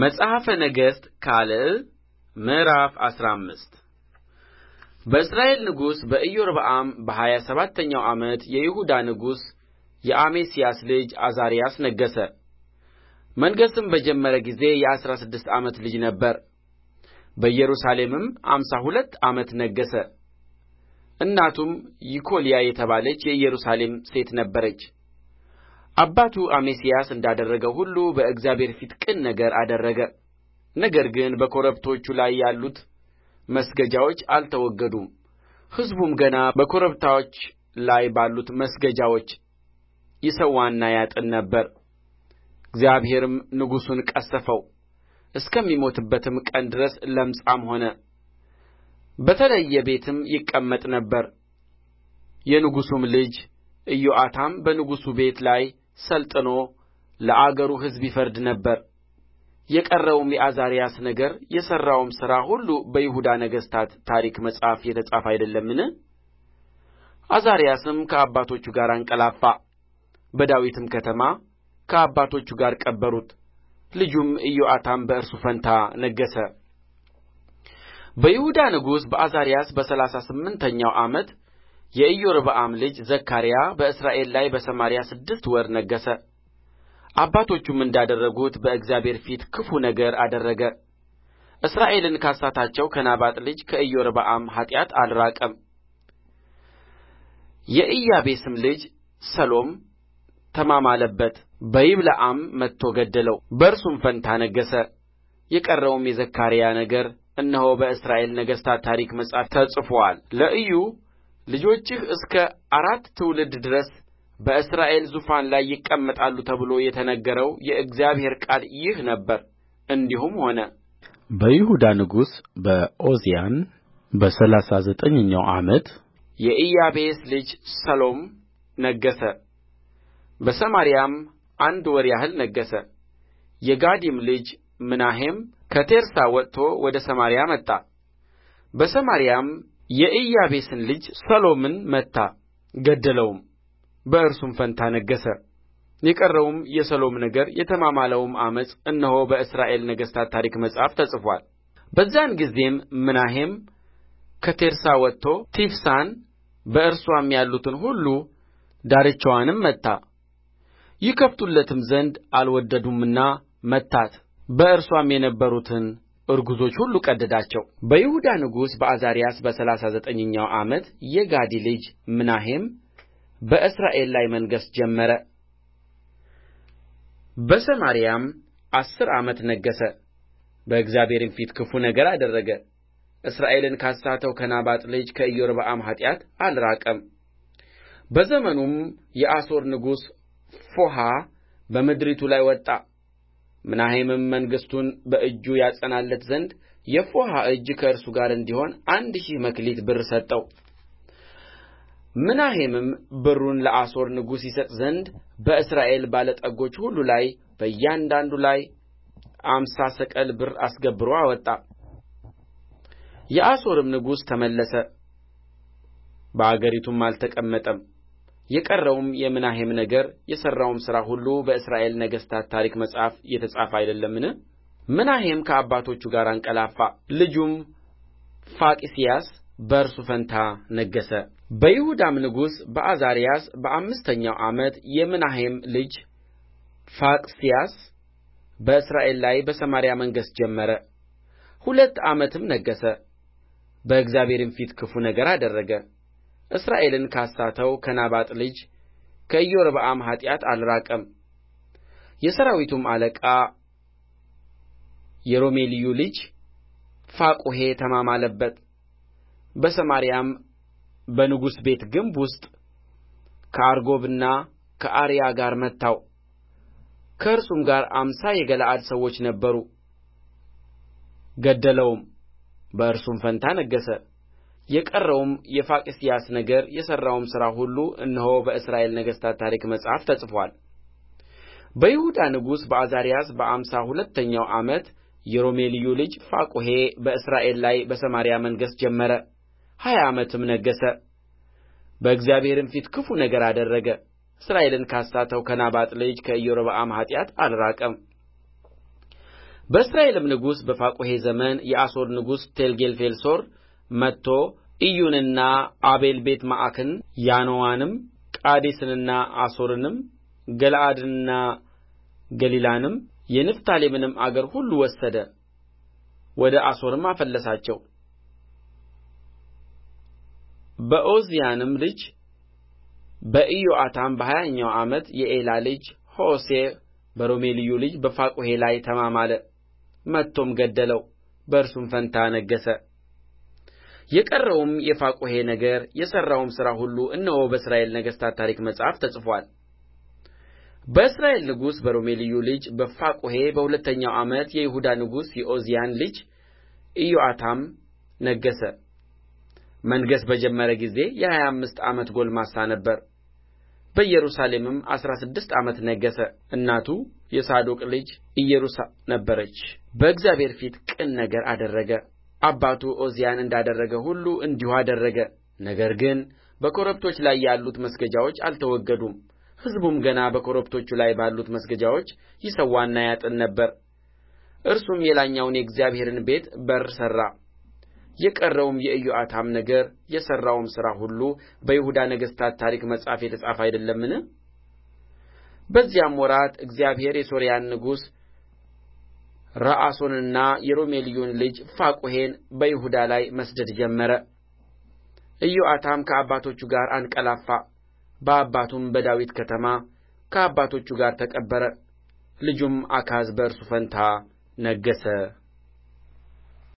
መጽሐፈ ነገሥት ካልዕ ምዕራፍ አስራ አምስት በእስራኤል ንጉሥ በኢዮርብዓም በሀያ ሰባተኛው ዓመት የይሁዳ ንጉሥ የአሜስያስ ልጅ አዛርያስ ነገሠ። መንገሥም በጀመረ ጊዜ የአሥራ ስድስት ዓመት ልጅ ነበር። በኢየሩሳሌምም አምሳ ሁለት ዓመት ነገሠ። እናቱም ይኮልያ የተባለች የኢየሩሳሌም ሴት ነበረች። አባቱ አሜስያስ እንዳደረገው ሁሉ በእግዚአብሔር ፊት ቅን ነገር አደረገ ነገር ግን በኮረብቶቹ ላይ ያሉት መስገጃዎች አልተወገዱም ሕዝቡም ገና በኮረብቶች ላይ ባሉት መስገጃዎች ይሠዋና ያጥን ነበር እግዚአብሔርም ንጉሡን ቀሠፈው እስከሚሞትበትም ቀን ድረስ ለምጻም ሆነ በተለየ ቤትም ይቀመጥ ነበር የንጉሡም ልጅ ኢዮአታም በንጉሡ ቤት ላይ ሠልጥኖ ለአገሩ ሕዝብ ይፈርድ ነበር የቀረውም የዓዛርያስ ነገር የሠራውም ሥራ ሁሉ በይሁዳ ነገሥታት ታሪክ መጽሐፍ የተጻፈ አይደለምን ዓዛርያስም ከአባቶቹ ጋር አንቀላፋ በዳዊትም ከተማ ከአባቶቹ ጋር ቀበሩት ልጁም ኢዮአታም በእርሱ ፋንታ ነገሠ በይሁዳ ንጉሥ በዓዛርያስ በሠላሳ ስምንተኛው ዓመት የኢዮርብዓም ልጅ ዘካርያ በእስራኤል ላይ በሰማርያ ስድስት ወር ነገሠ አባቶቹም እንዳደረጉት በእግዚአብሔር ፊት ክፉ ነገር አደረገ እስራኤልን ካሳታቸው ከናባጥ ልጅ ከኢዮርብዓም ኃጢአት አልራቀም። የኢያቤስም ልጅ ሰሎም ተማማለበት፣ በይብለዓም መትቶ ገደለው፣ በእርሱም ፈንታ ነገሠ። የቀረውም የዘካርያ ነገር እነሆ በእስራኤል ነገሥታት ታሪክ መጽሐፍ ተጽፎአል። ለኢዩ ልጆችህ እስከ አራት ትውልድ ድረስ በእስራኤል ዙፋን ላይ ይቀመጣሉ ተብሎ የተነገረው የእግዚአብሔር ቃል ይህ ነበረ እንዲሁም ሆነ በይሁዳ ንጉሥ በዖዝያን በሠላሳ ዘጠኝኛው ዓመት የኢያቤስ ልጅ ሰሎም ነገሠ። በሰማርያም አንድ ወር ያህል ነገሠ። የጋዲም ልጅ ምናሔም ከቴርሳ ወጥቶ ወደ ሰማርያ መጣ። በሰማርያም የኢያቤስን ልጅ ሰሎምን መታ ገደለውም በእርሱም ፋንታ ነገሠ የቀረውም የሰሎም ነገር የተማማለውም ዓመፅ እነሆ በእስራኤል ነገሥታት ታሪክ መጽሐፍ ተጽፎአል በዚያን ጊዜም ምናሔም ከቴርሳ ወጥቶ ቲፍሳን በእርሷም ያሉትን ሁሉ ዳርቻዋንም መታ ይከፍቱለትም ዘንድ አልወደዱምና መታት በእርሷም የነበሩትን እርጉዞች ሁሉ ቀደዳቸው በይሁዳ ንጉሥ በዓዛርያስ በሠላሳ ዘጠኝኛው ዓመት የጋዲ ልጅ ምናሔም በእስራኤል ላይ መንገሥ ጀመረ። በሰማርያም አሥር ዓመት ነገሠ። በእግዚአብሔርም ፊት ክፉ ነገር አደረገ። እስራኤልን ካሳተው ከናባጥ ልጅ ከኢዮርብዓም ኃጢአት አልራቀም። በዘመኑም የአሦር ንጉሥ ፎሃ በምድሪቱ ላይ ወጣ። ምናሔምም መንግሥቱን በእጁ ያጸናለት ዘንድ የፎሐ እጅ ከእርሱ ጋር እንዲሆን አንድ ሺህ መክሊት ብር ሰጠው ምናሔምም ብሩን ለአሦር ንጉሥ ይሰጥ ዘንድ በእስራኤል ባለጠጎች ሁሉ ላይ በእያንዳንዱ ላይ አምሳ ሰቅል ብር አስገብሮ አወጣ የአሦርም ንጉሥ ተመለሰ በአገሪቱም አልተቀመጠም የቀረውም የምናሔም ነገር የሠራውም ሥራ ሁሉ በእስራኤል ነገሥታት ታሪክ መጽሐፍ የተጻፈ አይደለምን ምናሔም ከአባቶቹ ጋር አንቀላፋ ልጁም ፋቂስያስ በእርሱ ፋንታ ነገሠ በይሁዳም ንጉሥ በዓዛርያስ በአምስተኛው ዓመት የምናሔም ልጅ ፋቂስያስ በእስራኤል ላይ በሰማርያ መንገሥ ጀመረ ሁለት ዓመትም ነገሠ በእግዚአብሔርም ፊት ክፉ ነገር አደረገ እስራኤልን ካሳተው ከናባጥ ልጅ ከኢዮርብዓም ኃጢአት አልራቀም የሠራዊቱም አለቃ የሮሜልዩ ልጅ ፋቁሔ ተማማለበት በሰማርያም በንጉሥ ቤት ግንብ ውስጥ ከአርጎብና ከአርያ ጋር መታው ከእርሱም ጋር አምሳ የገለዓድ ሰዎች ነበሩ ገደለውም በእርሱም ፋንታ ነገሠ የቀረውም የፋቂስያስ ነገር የሠራውም ሥራ ሁሉ እነሆ በእስራኤል ነገሥታት ታሪክ መጽሐፍ ተጽፎአል በይሁዳ ንጉሥ በዓዛርያስ በአምሳ ሁለተኛው ዓመት የሮሜልዩ ልጅ ፋቁሔ በእስራኤል ላይ በሰማርያ መንገሥ ጀመረ ሀያ ዓመትም ነገሠ በእግዚአብሔርም ፊት ክፉ ነገር አደረገ እስራኤልን ካሳተው ከናባጥ ልጅ ከኢዮርብዓም ኃጢአት አልራቀም በእስራኤልም ንጉሥ በፋቁሔ ዘመን የአሦር ንጉሥ ቴልጌልቴልፌልሶር መጥቶ ዒዮንና አቤልቤትመዓካን ያኖዋንም ቃዴስንና አሶርንም ገለዓድንና ገሊላንም የንፍታሌምንም አገር ሁሉ ወሰደ ወደ አሶርም አፈለሳቸው በዖዝያንም ልጅ በኢዮአታም በሀያኛው ዓመት የኤላ ልጅ ሆሴዕ በሮሜልዩ ልጅ በፋቁሔ ላይ ተማማለ መጥቶም ገደለው በእርሱም ፋንታ ነገሠ የቀረውም የፋቁሔ ነገር የሠራውም ሥራ ሁሉ እነሆ በእስራኤል ነገሥታት ታሪክ መጽሐፍ ተጽፎአል በእስራኤል ንጉሥ በሮሜልዩ ልጅ በፋቁሔ በሁለተኛው ዓመት የይሁዳ ንጉሥ የዖዝያን ልጅ ኢዮአታም ነገሠ መንገሥ በጀመረ ጊዜ የሀያ አምስት ዓመት ጎልማሳ ነበረ በኢየሩሳሌምም አሥራ ስድስት ዓመት ነገሠ እናቱ የሳዶቅ ልጅ ኢየሩሳ ነበረች በእግዚአብሔር ፊት ቅን ነገር አደረገ አባቱ ዖዝያን እንዳደረገ ሁሉ እንዲሁ አደረገ ነገር ግን በኮረብቶች ላይ ያሉት መስገጃዎች አልተወገዱም ሕዝቡም ገና በኮረብቶቹ ላይ ባሉት መስገጃዎች ይሠዋና ያጥን ነበር እርሱም የላይኛውን የእግዚአብሔርን ቤት በር ሠራ የቀረውም የኢዮአታም ነገር የሠራውም ሥራ ሁሉ በይሁዳ ነገሥታት ታሪክ መጽሐፍ የተጻፈ አይደለምን በዚያም ወራት እግዚአብሔር የሶርያን ንጉሥ ረአሶንንና የሮሜልዩን ልጅ ፋቁሔን በይሁዳ ላይ መስደድ ጀመረ። ኢዮአታም ከአባቶቹ ጋር አንቀላፋ፣ በአባቱም በዳዊት ከተማ ከአባቶቹ ጋር ተቀበረ። ልጁም አካዝ በእርሱ ፋንታ ነገሠ።